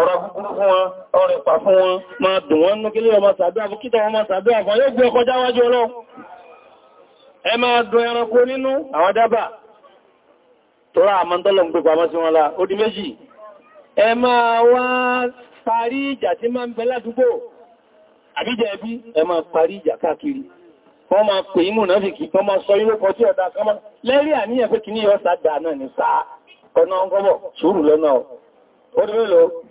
ọ̀rọ̀ kúkúrú fún wọn ọ̀rọ̀ ìpà fún wọn máa dùn wọn nú kílé ọmọ sàbí àfún kíta ọmọ sàbí àfún yóò gbé ọkọ̀ jáwájú ọlọ́ ẹ máa dùn ẹranko nínú àwọn dábà tó rá àmọ́ntọ́lọ̀ ń gbogbo àmọ́ sí wọn lá ó di méjì ẹ máa wá parí ìjà tí máa ń bẹ ládùúgbò àbíjà ẹbí ẹ máa parí ìjà káàkiri wọ́n máa pè í mùnáfìkì wọ́n máa sọ ilé kọtí ọ̀dà kan lẹ́rí àníyàn pé kì ní ọ̀sà dà náà ní sáà ọ̀nà ọgọ́bọ̀ sùúrù lọ́nà ọ̀dún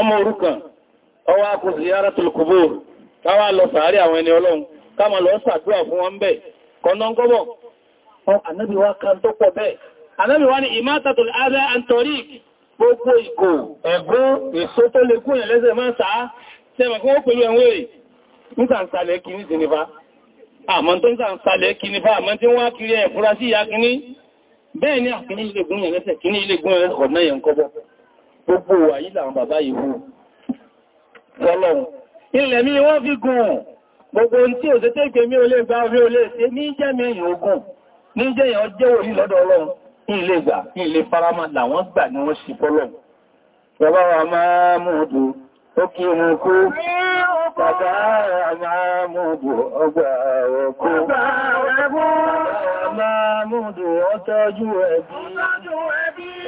ọmọ òrukàn ọwọ́ akú ziyaratul qubur káwà lọ sàárì àwọn ẹni ọlọ́run káàmà lọ sàdúrà fún wọn bẹ́ẹ̀ kọ́nà gọ́bọ̀ ànábì wá kan tó pọ̀ bẹ́ẹ̀ ànábì wá ní imatatul adha an tariq gbogbo ìgò ẹ̀gún èso tó lè kú ẹ̀lẹ́sẹ̀ máa sáá tẹ́mà kí wọ́n pẹ̀lú ẹ̀wọ́ rẹ̀ nígbà ń sàlẹ̀ kì ni àkíní ilé gún ẹ̀lẹ́sẹ̀ kìíní ilé gún ẹ̀lẹ́sẹ̀ ọ̀nà yẹn kọ́bọ̀ gbogbo wà yí làwọn bàbá yìí hù fọ́lọ́run ilẹ̀ mi wọ́n fi gùn gbogbo tí ò tẹ́tẹ́ mi ò lè gbá orí ò lè ṣe ní jẹ́ ogun ní jẹ́ jẹ́wò ní lọ́dọ̀ ọlọ́run ilé gbà ẹbí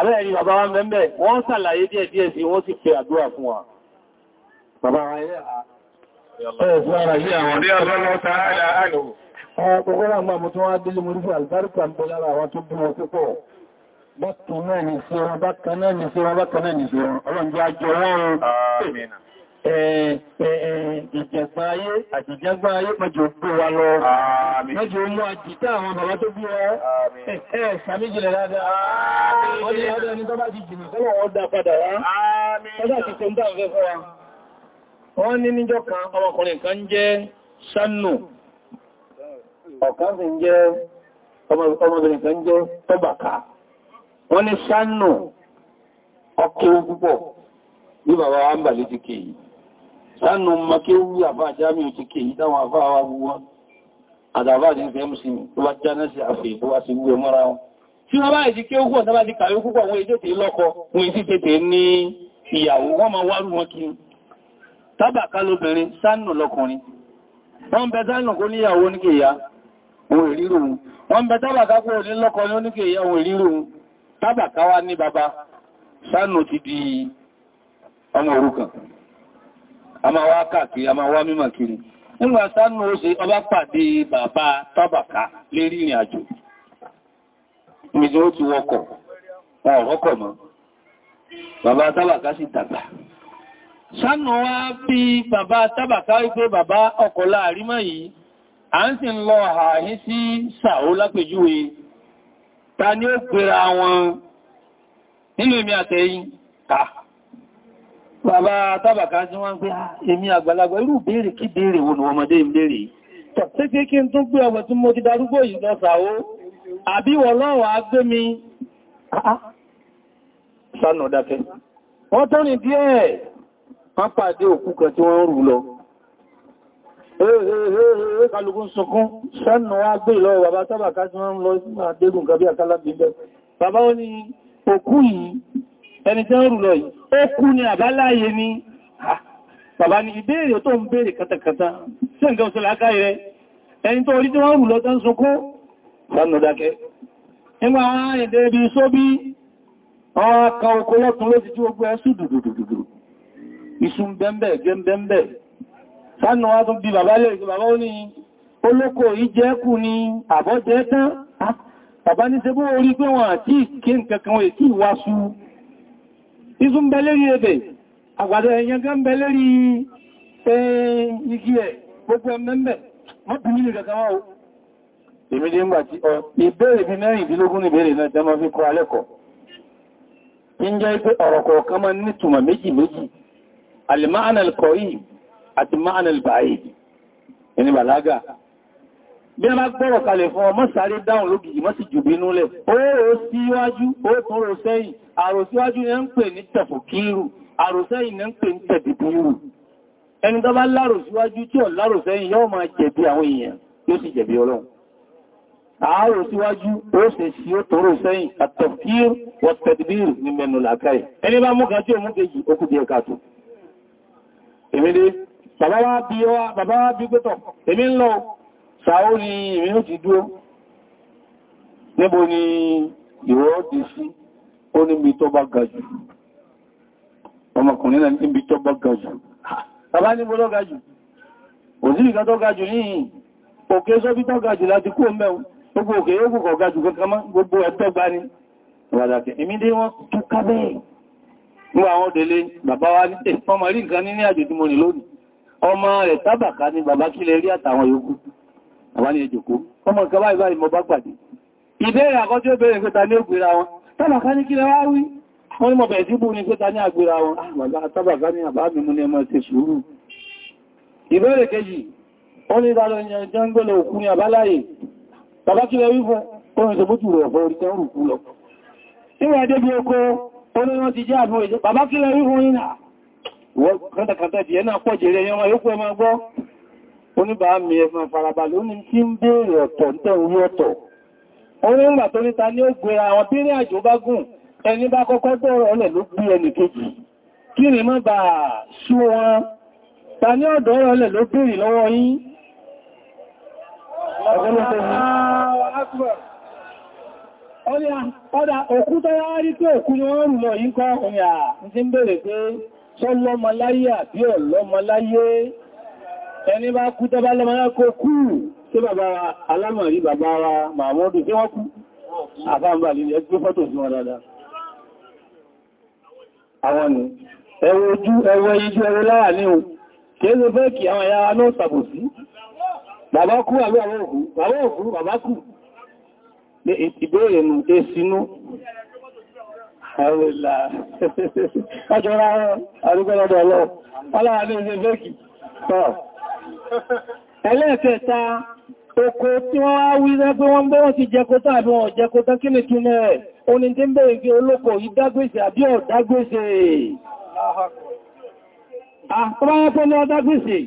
abẹ́ẹ̀rí bàbá wa mẹ́mẹ́ wọ́n sàlàyé díẹ̀ díẹ̀ sí wọ́n sì pè àdúrà fún wa bàbá wa ilẹ̀ Bọ́tún náà ni ṣe wọn bákan náà ni ṣe wọn bákan náà ni ṣe wọn, ọlọ́njẹ́ àjọ wọn rọrùn. Àmìnà ìjẹgbà ayé àjìjẹgbà ayé mẹ́jọ gbé wa lọ mẹ́jọ mú àjìtá àwọn bàbá tó bí wọ́n ẹ̀ sàmíjìlẹ̀ dáadáa wọ́n ni ọdọ́ ẹni tó bá ti jìnà sọ́lọ̀ wọ́n dá padà wá ọdá ti tẹ́ ń dáàfẹ́ fún wa wọ́n ní níjọ́ kan ọmọkùnrin kan jẹ́ sánù ọ̀kan sì jẹ́ ọmọbìnrin kan jẹ́ tọ́bàkà wọ́n ní sánù ọkẹ́ púpọ̀ bí bàbá wa ń bà létí sánú makéwú àfáàjámi ò ti kè yí táwọn àfáàwà gbogbo àtàfáà ti ń fẹ́ mú sí tó bá jáná sí àfẹ́ tó wá sí gbogbo mọ́ra wọn tí wọ́n bá ìdí kí ó pọ̀ tàbá ti kàwé púpọ̀ wọn èdè tè lọ́kọ wọn èdè tètè ní ìyàwó wọ́n ma wárú wọn kí tábàká lóbìnrin sánù baba sánù ti di ọmọ òrukàn a wa wá káàkiri a máa wá kiri ọba pàdé bàbá tabaka lérí ìrìn àjò ìmìsí ó ti wọkọ̀ bàbá tabaka si dàgbà sánú wá bí bàbá tabaka wípé bàbá ọkọ̀ láàrímọ̀ a ń sì lọ àárín sí si lápèjúwe ta ni o nínú bàbá tábàkà tí wọ́n ń pé ah, èmi àgbàlagbà irú béèrè kí béèrè wo ni ọmọdé ń béèrè tẹ́ pé kí n tún gbé ọgbẹ̀ tí mo ti darúgbó yìí lọ sàwó àbí wọ́lọ́wọ́ agbé mi ah, ah. sánà dákẹ́ wọ́n tó rìn díẹ̀ wọ́n pàdé òkú kan tí wọ́n rù lọ kálùkún sunkún sánà wá gbé lọ bàbá ẹni tí ń rù lọ yìí ó kú ni àbáláyé ni bàbá ni ìbéèrè tó ń béèrè katakata sí ǹkan òṣèlú aká rẹ ẹni tó orí tí wọ́n rù lọ tán sunkún sánú dákẹ́ nígbà ẹ̀dẹ́ ibi iṣó bí wọ́n aka oko lọ́tún ló ti tí gbogbo ẹ̀sù dùdùdùdù ìṣun bẹ́m̀bẹ̀ bàbá ní ni àbọ́jẹ́ tán bàbá ní ṣe bó orí pé wọ́n àti kí nǹkan kan èkí ìwásù Isu ń bẹ lérí ebè, àgbàdo ẹ̀yẹn gan bẹ lérí igi ẹ̀ gbogbo ẹmẹ́mẹ́, mọ́bí nílùú kankan o. Èmi dé ń gbà tí ọ, ìbéèrè bí mẹ́rìndínlógún ní ìbéèrè náà tẹ́mọ́ fi kọ́ alẹ́kọ̀ọ́. Ń jẹ́ pé ọ̀rọ̀ kọ̀ọ̀kan máa ní ìtumọ̀ méjì méjì, al-ma'na al-qarib àti ma'na al-ba'id. Ẹni bàlágà, bí a bá gbọ́rọ̀ kalẹ̀ fún ọmọ sáré dáhùn lógìgì mọ́ sì jù bínú lẹ̀ ó rò síwájú ó tún sẹ́yìn àròsíwájú ni ń pè ní tẹ̀fòkírù àròsẹ́yìn ni ń pè ní tẹ̀bìbìrù ẹni tó bá láròsíwájú tí ò láròsẹ́yìn yóò máa jẹ̀bi àwọn èèyàn yóò sì jẹ̀bi ọlọ́run àáròsíwájú ó ṣe sí ó tọrọ sẹ́yìn àtẹ̀fòkírù wọ tẹ̀bìbìrù ní mẹ́nu làkàrẹ̀ ẹni bá mú kan tí ò mú ni èmi ó ti dúró níbo ni ìwọ́ ó sí ó níbi tó bá gajù ọmọkùnrin náà níbi tó bá gajù bàbá níbo lọ gajù òsìrì kan tó gajù yìí òkè sóbí tó gajù láti kó mẹ́un gbogbo òkè yóò kọ̀ gajù kankan mọ́ gbogbo ẹ̀tọ́ gbá ni wàdàkẹ́ ìmídé wọn tó kábẹ́ mú àwọn òdèlé bàbá wa ní ọmọ rí nǹkan ní àjò tí mo ní lónìí ọmọ rẹ̀ tábàkà ni bàbá kílẹ̀ rí àtàwọn yòókù bàbá ní ẹjọ́kó ọmọ ìkàbá ìbáyìí mọ bá pàdé ìbéèrè àkọ́jọ́ bẹ̀rẹ̀ pẹ́ta ní ògbèrà wọn tàbàká ní kí lẹ wá wí wọ́n ní mọ̀bẹ̀ ìdíbò ní pẹ́ta ah, ní àgbèrà wọn tàbàká ní àbábì mú ní ẹmọ ti sùúrù ìbẹ̀rẹ̀ kejì wọ́n ní ìdálọ ìjọngbẹ̀lẹ̀ òkú ní àbáláyé tàbá kí lẹ wí fún orin tó bójú rẹ̀ ọ̀fọ́ orí tẹ́rù kú lọ níwọ̀n adé bí oko orin wọn ti jẹ́ àbúrò ìjọ bàbá kí lẹ wí fún yínà wọ́n kọ́tàkàtà jẹ́ náà pọ̀ jẹ́rẹ̀ ẹ̀yọ́ wọn yóò pẹ́ máa gbọ́ oníbàá mi ẹ̀fọn farabalẹ̀ ó ní tí ń béèrè ọ̀tọ̀ ń tẹ̀ ń rí ọ̀tọ̀ onígbà tó níta ní ó gbé àwọn bí ní àjò bá gùn ẹni bá kọ́kọ́ gbọ́rọ̀ ọlẹ̀ ló gbé ẹnì kejì kí ni má bà sú wọn ta ní ọ̀dọ̀ ọlẹ̀ ló bèèrè lọ́wọ́ yín ọ̀dá òkú tó yá rí pé òkú ni wọ́n rù ẹni bá kú tọ́bá lọ́mọ láyé kúrù tí bàbá alámọ̀rí bàbá wa Mahmudu tí wọ́n kú àbámbà lílé ẹgbẹ́ fọ́tò sí wọn dáadáa àwọn ni ẹwọ ojú ẹwọ ijú ẹwọ láwà ní o kéèzè bẹ́ẹ̀kì àwọn ẹ̀yà wa náà sàbò sí bàbá kú àbí àwọn òkú bàbá òkú bàbá kú ìbéèrè nù èsìnú àrẹ́lá ọjọ́ra àrúgbẹ́lọ́dọ̀ ọlọ́ ọlọ́wà ní ẹgbẹ́ bẹ́ẹ̀kì oko tí wọ́n wá wí rẹ́ pé wọ́n bẹ́ wọ́n ti jẹkótá àbí wọn jẹkótá kí ni túnmọ̀ ẹ̀ oní tí ń bẹ̀rẹ̀ pé olóko yìí dágbèsè àbí ọ̀dágbèsè àpọ́wọ́pọ́ ní ọdágbèsè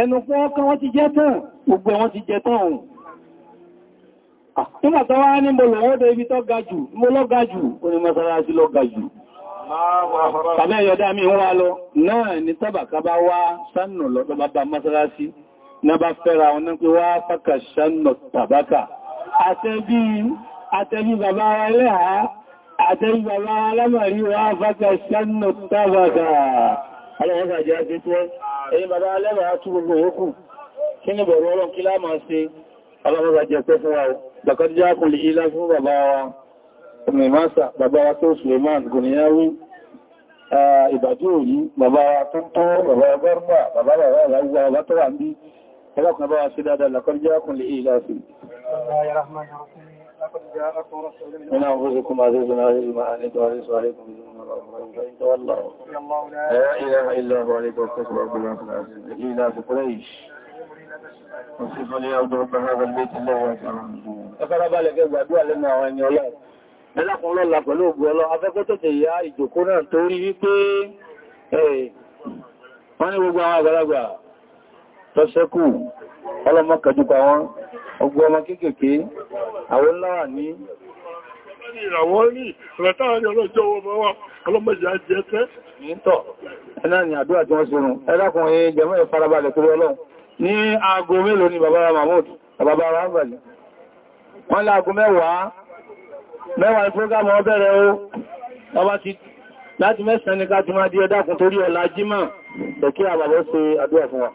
ẹnu pọ́ ọkàn wọ́n ti jẹ́ tán gbogbo wọn ti jẹ tán ohun nígbàtọ́ wá ní mo lọ́wọ́ dé ibi tó ga jù mo lọ ga jù oní mọ́sálásí lọ ga jù tàbí ẹ̀yọ̀dá mi ń wá lọ náà ni tọ́bàká bá wá sánà lọ́dọ́ bá bá mọ́sálásí na bá fẹ́ra wọn ní pé wá fàkà ṣánà tàbákà àtẹ́bí àtẹ́bí bàbá ẹlẹ́ha àtẹ́bí bàbá alámàrí wá fàkà ṣánà tàbákà aláwọ́sà jẹ́ àti tó ẹ̀yìn bàbá alẹ́bàá tún gbogbo yókù kí ní bọ̀rọ̀ ọlọ́ kí láàmà ṣe aláwọ́sà jẹ́ pẹ́ fún wa bàkọ́já kò lè ilá fún bàbá wa mẹ́másà bàbá bàbá wa tó tó bàbá wa bọ́rùn ẹlọ́kùn bá ṣe dáadáa lọ́kọ́ jẹ́ ọkùn lè ìlà sí من أنفسكم عزيز عليه ما أنتم عزيز عليكم فإن تولوا لا إله إلا هو عليك واستغفر رب العزيز العزيز إلى قريش وصف لي عبد رب هذا البيت الله وأكرمه أقرب لك الدعاء لنا وأن يولد ẹlọ́kùn lọ́la pẹ̀lú ògbò ọlọ́ afẹ́kọ́ tètè ya ìjòkó náà torí wípé wọ́n ní gbogbo àwọn àgbàlagbà lọ́ṣẹ́kù ọlọ́mọ kẹjúpa wọn ọgbọ́ ọmọ kéèkèé àwọn láwà ní ìràwọ́ ní ìrẹ̀tàrí ọlọ́jọ́ ọmọ wa ọlọ́mọ ìyá jẹ́ tẹ́ nítọ̀ ẹ̀nà ni àdúrà tí wọ́n sọ́run ẹlákùnrin jẹmọ́ ìfarabalẹ̀ kúrò ọlọ́run ní aago mélòó ni bàbára mahmoud bàbára ambali wọ́n láago mẹ́wàá mẹ́wàá ní prógámù ọbẹ̀rẹ̀ o láti mẹ́sàn-án ní ká ti máa di ẹ̀dákun torí ọ̀la jímọ̀ Bẹ̀kí àbàbọ̀ ṣe àdúrà fún wa.